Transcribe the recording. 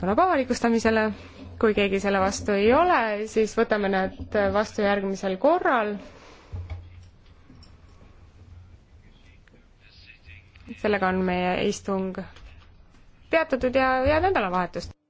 tuleb avalikustamisele. kui keegi selle vastu ei ole, siis võtame need vastu järgmisel korral. sellega on meie istung peatatud ja head nädalavahetust!